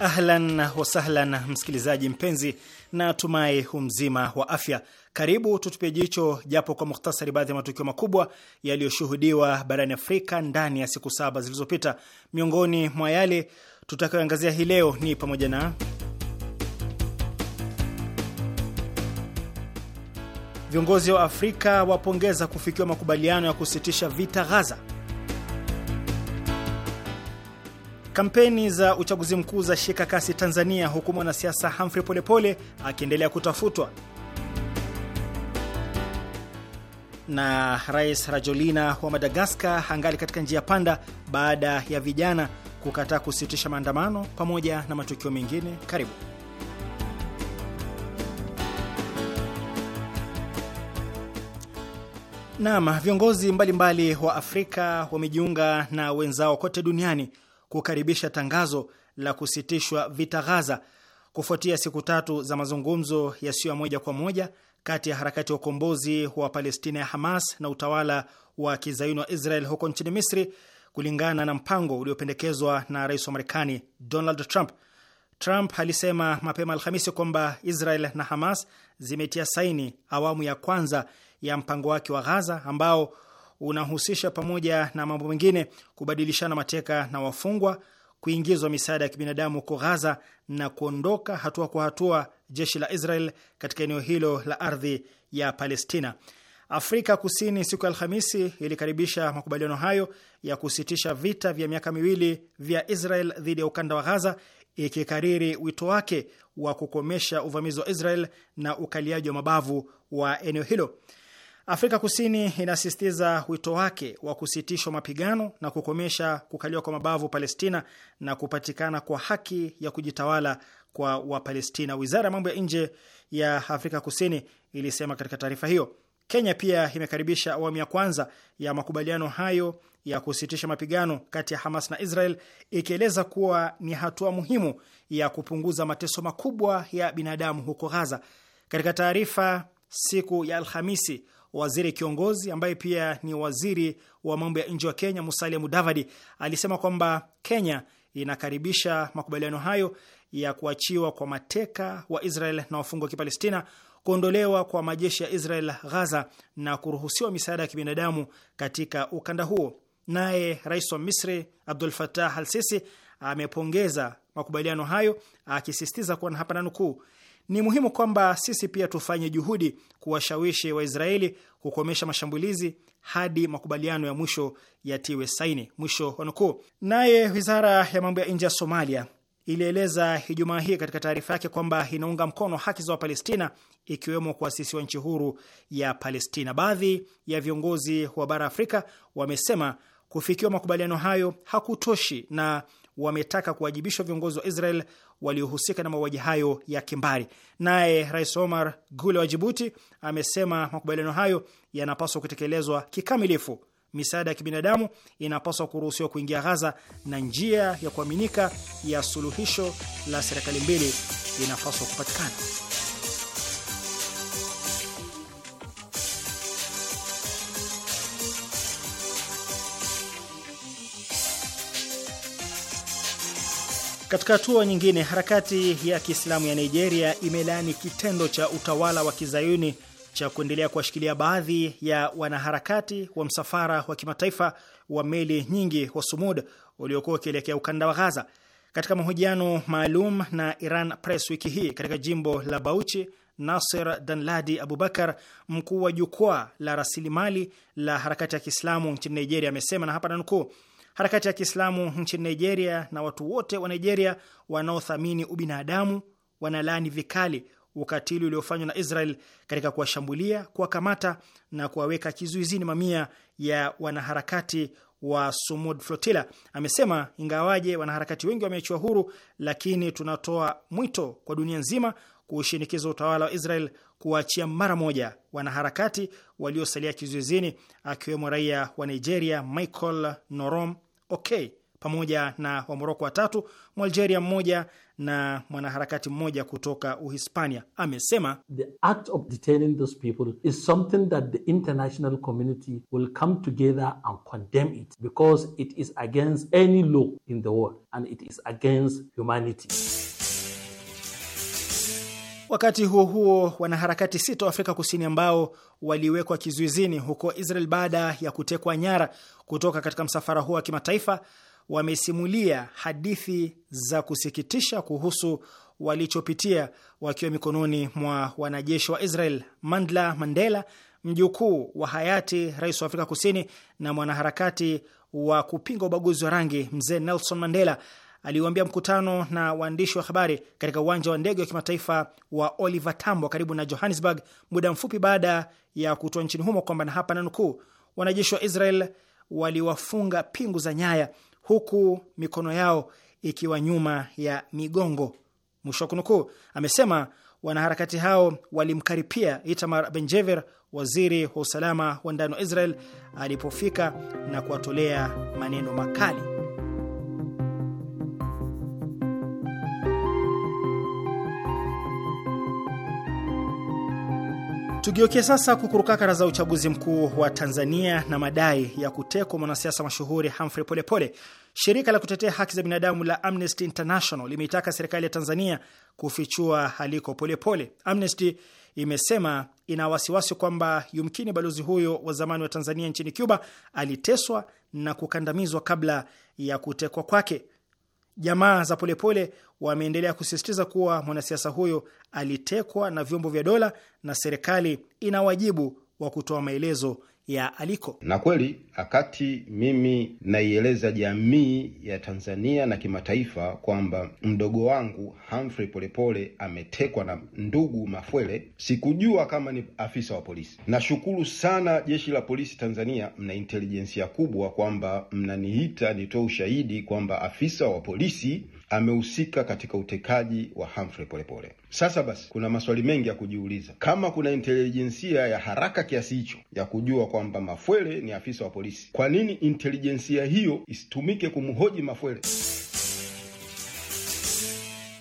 Ahlan wasahlan, msikilizaji mpenzi, na tumai humzima wa afya. Karibu tutupie jicho japo kwa muhtasari baadhi ya matukio makubwa yaliyoshuhudiwa barani Afrika ndani ya siku saba zilizopita. Miongoni mwa yale tutakayoangazia hii leo ni pamoja na Viongozi wa Afrika wapongeza kufikiwa makubaliano ya kusitisha vita Gaza. Kampeni za uchaguzi mkuu za shika kasi Tanzania, huku mwanasiasa Humphrey Polepole akiendelea kutafutwa. Na Rais Rajolina wa Madagaskar hangali katika njia panda baada ya vijana kukataa kusitisha maandamano, pamoja na matukio mengine. Karibu. Naam, viongozi mbalimbali mbali wa Afrika wamejiunga na wenzao kote duniani kukaribisha tangazo la kusitishwa vita Ghaza kufuatia siku tatu za mazungumzo yasiyo ya moja kwa moja kati ya harakati ya ukombozi wa Palestina ya Hamas na utawala wa kizayuni wa Israel huko nchini Misri, kulingana na mpango uliopendekezwa na rais wa Marekani Donald Trump. Trump alisema mapema Alhamisi kwamba Israel na Hamas zimetia saini awamu ya kwanza ya mpango wake wa Ghaza ambao unahusisha pamoja na mambo mengine kubadilishana mateka na wafungwa, kuingizwa misaada ya kibinadamu huko Ghaza na kuondoka hatua kwa hatua jeshi la Israel katika eneo hilo la ardhi ya Palestina. Afrika Kusini siku ya Alhamisi ilikaribisha makubaliano hayo ya kusitisha vita vya miaka miwili vya Israel dhidi ya ukanda wa Ghaza, ikikariri wito wake wa kukomesha uvamizi wa Israel na ukaliaji wa mabavu wa eneo hilo. Afrika Kusini inasisitiza wito wake wa kusitishwa mapigano na kukomesha kukaliwa kwa mabavu Palestina na kupatikana kwa haki ya kujitawala kwa Wapalestina, wizara ya mambo ya nje ya Afrika Kusini ilisema katika taarifa hiyo. Kenya pia imekaribisha awamu ya kwanza ya makubaliano hayo ya kusitisha mapigano kati ya Hamas na Israel, ikieleza kuwa ni hatua muhimu ya kupunguza mateso makubwa ya binadamu huko Ghaza. Katika taarifa siku ya Alhamisi, waziri kiongozi ambaye pia ni waziri wa mambo ya nje wa Kenya, Musalia Mudavadi, alisema kwamba Kenya inakaribisha makubaliano hayo ya kuachiwa kwa mateka wa Israel na wafungwa wa Kipalestina, kuondolewa kwa majeshi ya Israel Ghaza na kuruhusiwa misaada ya kibinadamu katika ukanda huo. Naye rais wa Misri Abdul fatah al Sisi amepongeza makubaliano hayo akisisitiza kuwa na hapa na nukuu ni muhimu kwamba sisi pia tufanye juhudi kuwashawishi Waisraeli kukomesha mashambulizi hadi makubaliano ya mwisho yatiwe saini. Mwisho wa nukuu. Naye wizara ya mambo ya nje ya Somalia ilieleza Ijumaa hii katika taarifa yake kwamba inaunga mkono haki za Wapalestina ikiwemo kuasisiwa nchi huru ya Palestina. Baadhi ya viongozi wa bara Afrika wamesema kufikiwa makubaliano hayo hakutoshi na wametaka kuwajibishwa viongozi wa Israel waliohusika na mauaji hayo ya kimbari. Naye Rais Omar Gule wa Jibuti amesema makubaliano hayo yanapaswa kutekelezwa kikamilifu. Misaada ya kibinadamu inapaswa kuruhusiwa kuingia Ghaza na njia ya kuaminika ya suluhisho la serikali mbili inapaswa kupatikana. Katika hatua nyingine, harakati ya Kiislamu ya Nigeria imelaani kitendo cha utawala wa kizayuni cha kuendelea kuwashikilia baadhi ya wanaharakati wa msafara wa kimataifa wa meli nyingi wa Sumud uliokuwa ukielekea ukanda wa Ghaza. Katika mahojiano maalum na Iran Press wiki hii katika jimbo la Bauchi, Nasir Danladi Abubakar, mkuu wa jukwaa la rasilimali la harakati ya Kiislamu nchini Nigeria, amesema na hapa nanukuu: harakati ya Kiislamu nchini Nigeria na watu wote wa Nigeria wanaothamini ubinadamu wanalaani vikali ukatili uliofanywa na Israel katika kuwashambulia, kuwakamata na kuwaweka kizuizini mamia ya wanaharakati wa Sumud Flotilla. Amesema ingawaje wanaharakati wengi wameachiwa huru, lakini tunatoa mwito kwa dunia nzima kushinikiza utawala wa Israel kuwaachia mara moja wanaharakati waliosalia kizuizini akiwemo raia wa Nigeria Michael Norom ok pamoja na Wamoroko watatu, Mwalgeria mmoja na mwanaharakati mmoja kutoka
Uhispania. Amesema the act of detaining those people is something that the international community will come together and condemn it because it is against any law in the world and it is against humanity.
Wakati huo huo, wanaharakati sita wa Afrika Kusini ambao waliwekwa kizuizini huko Israel baada ya kutekwa nyara kutoka katika msafara huo wa kimataifa wamesimulia hadithi za kusikitisha kuhusu walichopitia wakiwa mikononi mwa wanajeshi wa Israel. Mandla Mandela, mjukuu wa hayati rais wa Afrika Kusini na mwanaharakati wa kupinga ubaguzi wa rangi mzee Nelson Mandela, aliuambia mkutano na waandishi wa habari katika uwanja wa ndege wa kimataifa wa Oliver Tambo karibu na Johannesburg muda mfupi baada ya kutoa nchini humo kwamba, na hapa nanukuu, wanajeshi wa Israel waliwafunga pingu za nyaya huku mikono yao ikiwa nyuma ya migongo, mwisho wa kunukuu. Amesema wanaharakati hao walimkaripia Itamar Benjever, waziri wa usalama wa ndani wa Israel, alipofika na kuwatolea maneno makali. Tugeukie sasa kukurukakara za uchaguzi mkuu wa Tanzania na madai ya kutekwa mwanasiasa mashuhuri Humphrey Polepole. Shirika la kutetea haki za binadamu la Amnesty International limeitaka serikali ya Tanzania kufichua aliko Polepole. Amnesty imesema ina wasiwasi kwamba yumkini balozi huyo wa zamani wa Tanzania nchini Cuba aliteswa na kukandamizwa kabla ya kutekwa kwake. Jamaa za Polepole wameendelea kusisitiza kuwa mwanasiasa huyo alitekwa na vyombo vya dola na serikali ina wajibu wa kutoa maelezo ya aliko.
Na kweli wakati mimi naieleza jamii ya Tanzania na kimataifa kwamba mdogo wangu Humphrey Polepole ametekwa na ndugu Mafwele, sikujua kama ni afisa wa polisi. Nashukuru sana jeshi la polisi Tanzania, mna intelijensia kubwa kwamba mnaniita nitoe ushahidi kwamba afisa wa polisi amehusika katika utekaji wa Humphrey Polepole. Sasa basi, kuna maswali mengi ya kujiuliza. Kama kuna intelijensia ya haraka kiasi hicho ya kujua kwamba Mafwele ni afisa wa polisi, kwa nini intelijensia hiyo isitumike kumhoji
Mafwele?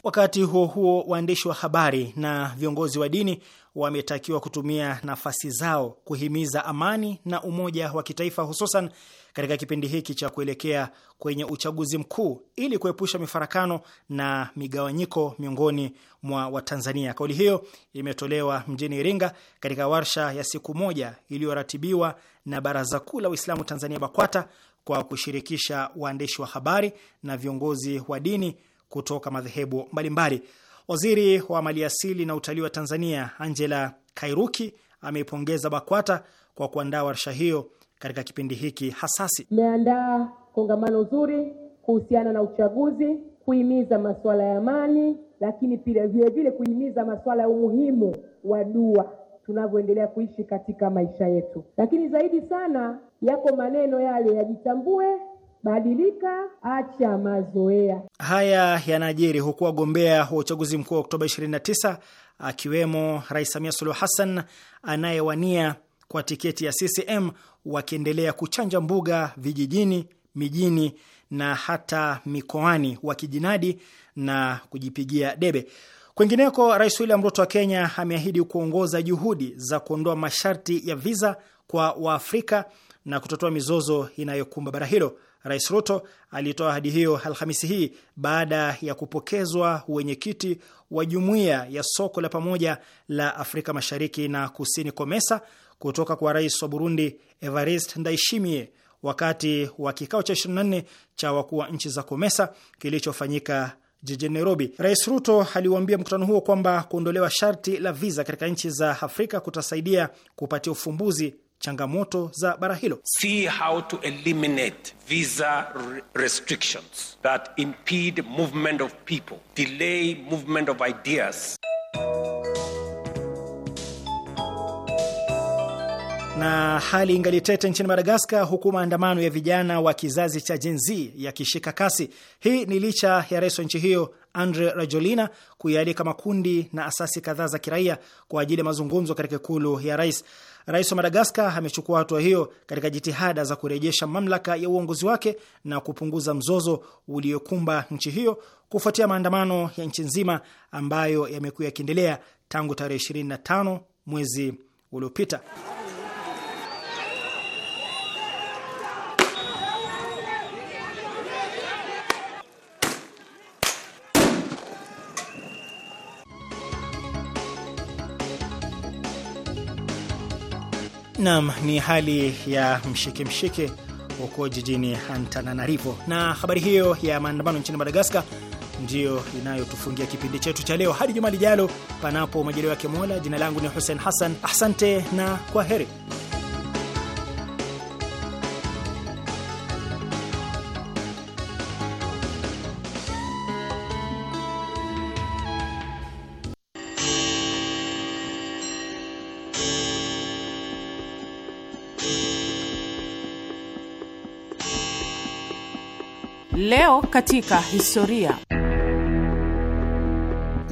Wakati huo huo, waandishi wa habari na viongozi wa dini wametakiwa kutumia nafasi zao kuhimiza amani na umoja wa kitaifa hususan katika kipindi hiki cha kuelekea kwenye uchaguzi mkuu ili kuepusha mifarakano na migawanyiko miongoni mwa Watanzania. Kauli hiyo imetolewa mjini Iringa katika warsha ya siku moja iliyoratibiwa na Baraza Kuu la Uislamu Tanzania, BAKWATA, kwa kushirikisha waandishi wa habari na viongozi wa dini kutoka madhehebu mbalimbali. Waziri wa maliasili na utalii wa Tanzania Angela Kairuki ameipongeza BAKWATA kwa kuandaa warsha hiyo katika kipindi hiki hasasi. Tumeandaa kongamano zuri kuhusiana na uchaguzi, kuhimiza masuala ya amani, lakini pia vilevile kuhimiza masuala ya umuhimu wa dua tunavyoendelea kuishi katika maisha yetu. Lakini zaidi sana yako maneno yale yajitambue, badilika,
acha mazoea.
Haya yanajiri huku wagombea wa uchaguzi mkuu wa Oktoba 29 akiwemo Rais Samia Suluhu Hassan anayewania kwa tiketi ya CCM wakiendelea kuchanja mbuga vijijini, mijini na hata mikoani wakijinadi na kujipigia debe. Kwingineko, Rais William Ruto wa Kenya ameahidi kuongoza juhudi za kuondoa masharti ya viza kwa Waafrika na kutotoa mizozo inayokumba bara hilo. Rais Ruto alitoa ahadi hiyo Alhamisi hii baada ya kupokezwa wenyekiti wa jumuiya ya soko la pamoja la Afrika Mashariki na Kusini, COMESA, kutoka kwa rais wa Burundi Evariste Ndayishimiye wakati wa kikao cha 24 cha wakuu wa nchi za Komesa kilichofanyika jijini Nairobi. Rais Ruto aliuambia mkutano huo kwamba kuondolewa sharti la viza katika nchi za Afrika kutasaidia kupatia ufumbuzi changamoto za bara hilo. See how to eliminate visa restrictions that impede movement of people, delay movement of ideas Na hali ingalitete nchini Madagaskar, huku maandamano ya vijana wa kizazi cha Gen Z yakishika kasi. Hii ni licha ya rais wa nchi hiyo Andre Rajolina kuyaalika makundi na asasi kadhaa za kiraia kwa ajili ya mazungumzo katika ikulu ya rais. Rais wa Madagaskar amechukua hatua hiyo katika jitihada za kurejesha mamlaka ya uongozi wake na kupunguza mzozo uliokumba nchi hiyo kufuatia maandamano ya nchi nzima ambayo yamekuwa yakiendelea tangu tarehe 25 mwezi uliopita. Naam, ni hali ya mshike mshike huko jijini Antananarivo. Na habari hiyo ya maandamano nchini Madagaskar ndiyo inayotufungia kipindi chetu cha leo hadi juma lijalo, panapo majaliwa yake Mola. Jina langu ni Hussein Hassan, asante na kwa heri.
katika historia.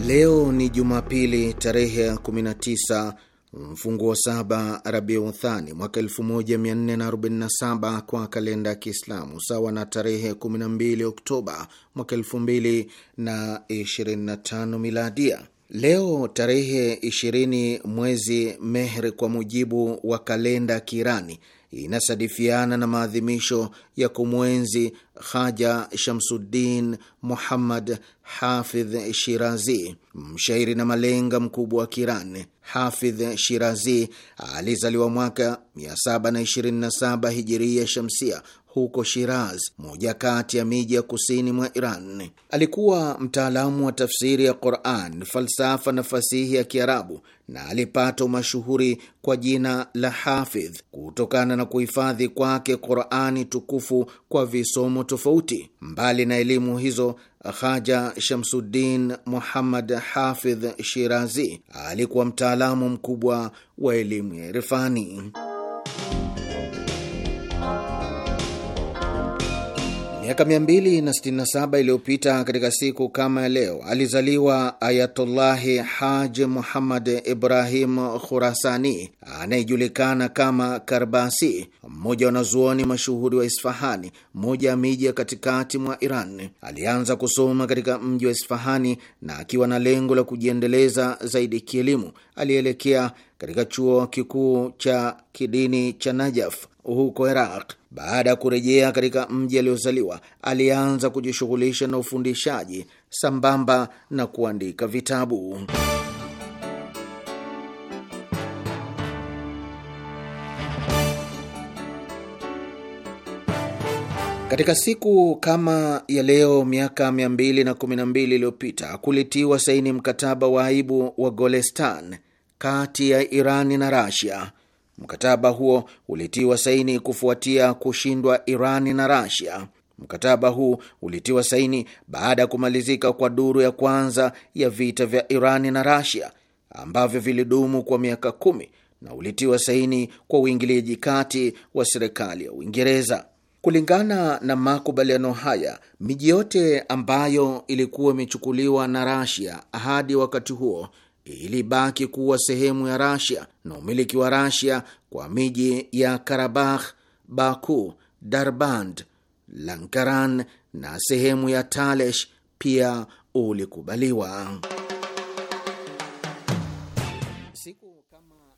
Leo ni Jumapili tarehe 19 mfungu wa saba Rabiu Thani mwaka 1447 kwa kalenda ya Kiislamu, sawa na tarehe 12 Oktoba mwaka 2025 miladia. Leo tarehe 20 mwezi Mehri kwa mujibu wa kalenda Kirani inasadifiana na maadhimisho ya kumwenzi Haja Shamsuddin Muhammad Hafidh Shirazi, mshairi na malenga mkubwa wa Kirani. Hafidh Shirazi alizaliwa mwaka 727 hijiria shamsia huko Shiraz, moja kati ya miji ya kusini mwa Iran. Alikuwa mtaalamu wa tafsiri ya Quran, falsafa na fasihi ya Kiarabu na alipata mashuhuri kwa jina la Hafidh kutokana na kuhifadhi kwake Qurani tukufu kwa visomo tofauti. Mbali na elimu hizo, Haja Shamsuddin Muhammad Hafidh Shirazi alikuwa mtaalamu mkubwa wa elimu ya irfani. Miaka 267 iliyopita katika siku kama ya leo alizaliwa Ayatullahi Haji Muhammad Ibrahim Khurasani anayejulikana kama Karbasi, mmoja wa wanazuoni mashuhuri wa Isfahani, mmoja ya miji ya katikati mwa Iran. Alianza kusoma katika mji wa Isfahani na akiwa na lengo la kujiendeleza zaidi kielimu, alielekea katika chuo kikuu cha kidini cha Najaf huko Iraq baada ya kurejea katika mji aliozaliwa, alianza kujishughulisha na ufundishaji sambamba na kuandika vitabu. Katika siku kama ya leo miaka 212 iliyopita kulitiwa saini mkataba wa aibu wa Golestan kati ya Irani na Rasia. Mkataba huo ulitiwa saini kufuatia kushindwa iran na Rasia. Mkataba huu ulitiwa saini baada ya kumalizika kwa duru ya kwanza ya vita vya Irani na Rasia ambavyo vilidumu kwa miaka kumi na ulitiwa saini kwa uingiliaji kati wa serikali ya Uingereza. Kulingana na makubaliano haya, miji yote ambayo ilikuwa imechukuliwa na Rasia hadi wakati huo ilibaki kuwa sehemu ya Rasia na umiliki wa Rasia kwa miji ya Karabakh, Baku, Darband, Lankaran na sehemu ya Talesh pia ulikubaliwa.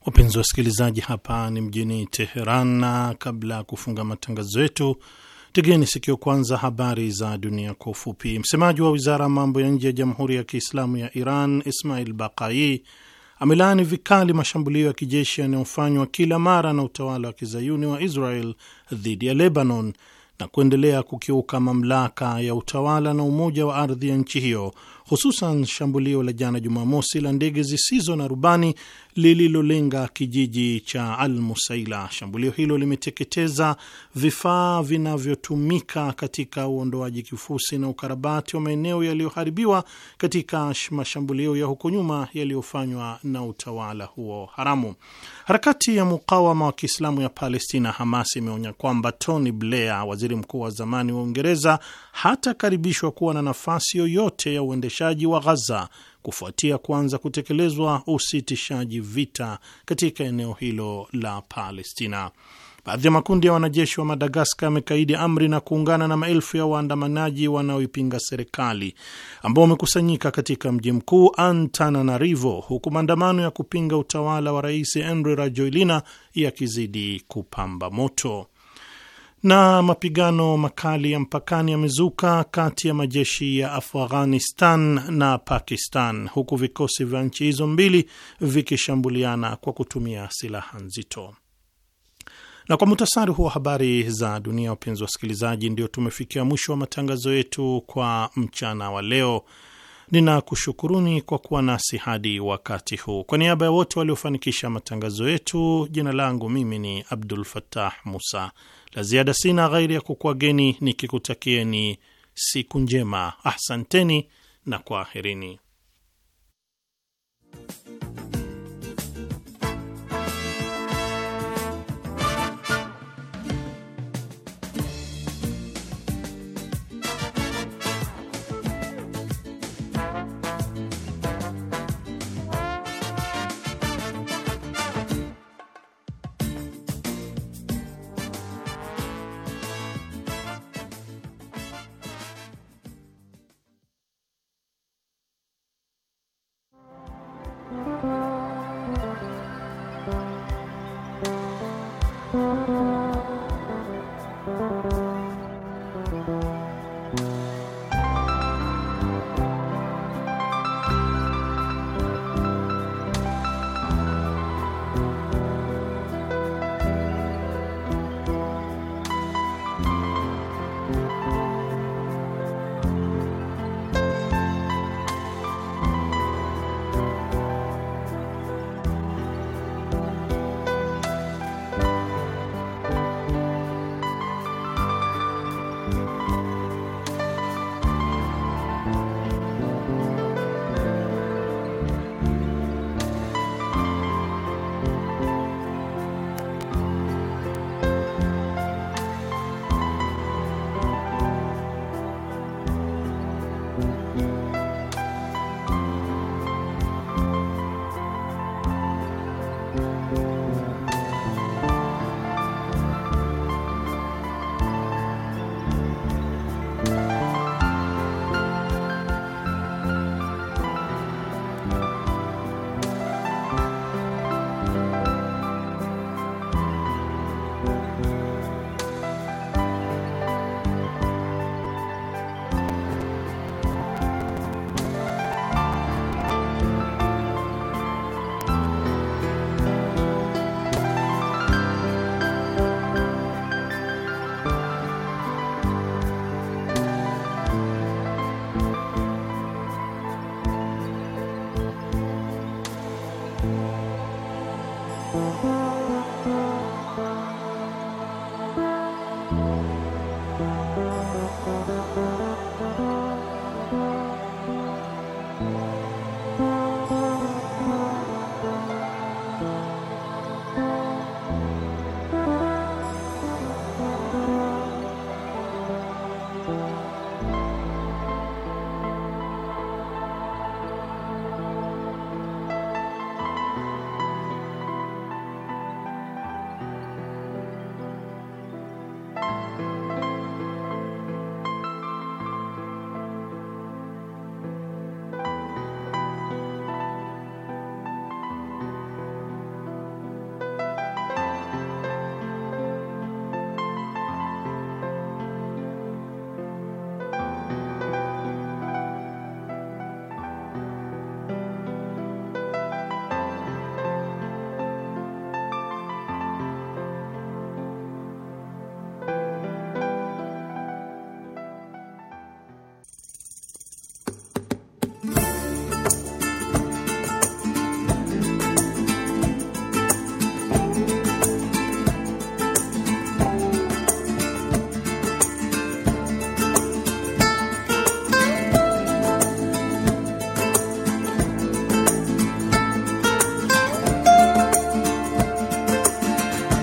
Wapenzi wasikilizaji, hapa ni mjini Teheran, na kabla ya kufunga matangazo yetu Tegeni sikio kwanza, habari za dunia kwa ufupi. Msemaji wa wizara ya mambo ya nje ya Jamhuri ya Kiislamu ya Iran Ismail Bakai amelaani vikali mashambulio ya kijeshi yanayofanywa kila mara na utawala wa kizayuni wa Israel dhidi ya Lebanon na kuendelea kukiuka mamlaka ya utawala na umoja wa ardhi ya nchi hiyo, hususan shambulio la jana Jumamosi la ndege zisizo na rubani lililolenga kijiji cha al musaila Shambulio hilo limeteketeza vifaa vinavyotumika katika uondoaji kifusi na ukarabati wa maeneo yaliyoharibiwa katika mashambulio ya huko nyuma yaliyofanywa na utawala huo haramu. Harakati ya mukawama wa Kiislamu ya Palestina, Hamas, imeonya kwamba Tony Blair, waziri mkuu wa zamani wa Uingereza, hatakaribishwa kuwa na nafasi yoyote ya uendeshaji wa Ghaza kufuatia kuanza kutekelezwa usitishaji vita katika eneo hilo la Palestina. Baadhi ya makundi ya wanajeshi wa Madagaskar yamekaidi amri na kuungana na maelfu ya waandamanaji wanaoipinga serikali ambao wamekusanyika katika mji mkuu Antananarivo, huku maandamano ya kupinga utawala wa Rais Andry Rajoelina yakizidi kupamba moto. Na mapigano makali ya mpakani yamezuka kati ya majeshi ya Afghanistan na Pakistan, huku vikosi vya nchi hizo mbili vikishambuliana kwa kutumia silaha nzito. Na kwa mutasari huwa habari za dunia, wapenzi wasikilizaji, ndio tumefikia mwisho wa matangazo yetu kwa mchana wa leo. Ninakushukuruni kwa kuwa nasi hadi wakati huu. Kwa niaba ya wote waliofanikisha matangazo yetu, jina langu mimi ni Abdul fatah Musa. La ziada sina ghairi ya kukuageni nikikutakieni siku njema. Ahsanteni na kwaherini.
thank you